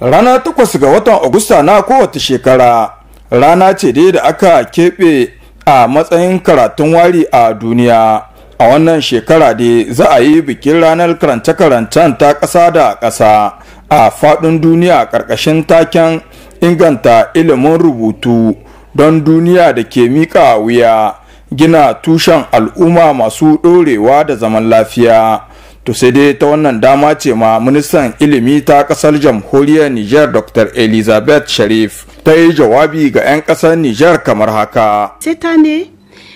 Rana takwas ga watan agusta na kowace shekara rana ce dai da aka keɓe a matsayin karatun wari a duniya a wannan shekara dai za a yi bikin ranar karance-karancen ta ƙasa da ƙasa a faɗin duniya ƙarƙashin taken inganta ilimin rubutu don duniya da ke miƙa wuya gina tushen al'umma masu ɗorewa da zaman lafiya to sai dai ta wannan dama ce ma ministan ilimi ta kasar jamhuriyar niger dr elizabeth sharif ta yi jawabi ga 'yan kasar niger kamar haka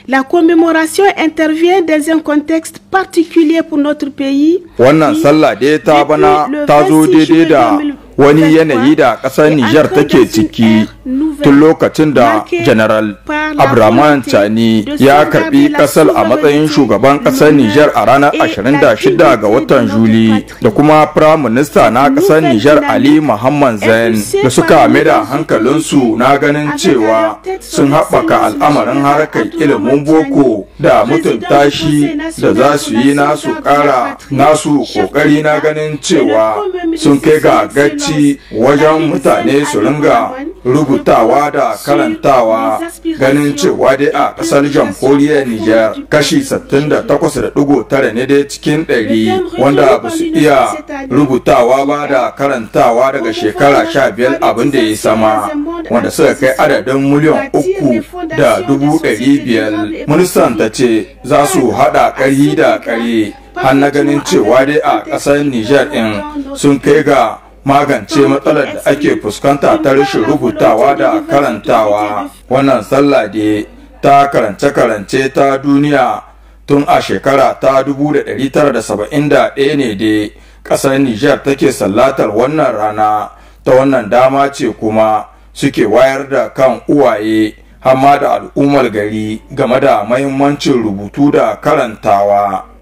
La commémoration intervient dans un contexte particulier pour notre pays. Wannan sallah dai ta bana ta zo daidai da wani yanayi da ƙasar Nijar take ciki eh, tun lokacin da General Abraman Tani ya karbi ƙasar a matsayin shugaban ƙasar Nijar a ranar 26 ga watan Juli da kuma Prime Minister na ƙasar Nijar Ali Muhammad Zain da suka maida hankalinsu na ganin cewa sun haɓaka al'amarin harkar ilimin boko da mutunta shi da za su yi nasu ƙara nasu ƙoƙari na ganin cewa sun kai ga ci wajen mutane su ringa rubutawa da karantawa ganin cewa dai a kasar jamhuriyar Nijar kashi 68.9 ne dai cikin 100 wanda ba su iya rubutawa ba da karantawa daga shekara 15 abin da ya sama wanda suka kai adadin miliyan uku da dubu biyar ministan ta ce za su hada ƙarhi da ƙarhi har na ganin cewa dai a ƙasar Nijar in sun kai ga magance matsalar da ake fuskanta ta rashin rubutawa da karantawa wannan sallah da ta karance-karance ta duniya tun a shekara ta 1971 ne da ƙasar Nijar take sallatar wannan rana ta wannan dama ce kuma suke wayar da kan uwaye hamma da al'ummar gari game da mahimmancin rubutu da karantawa.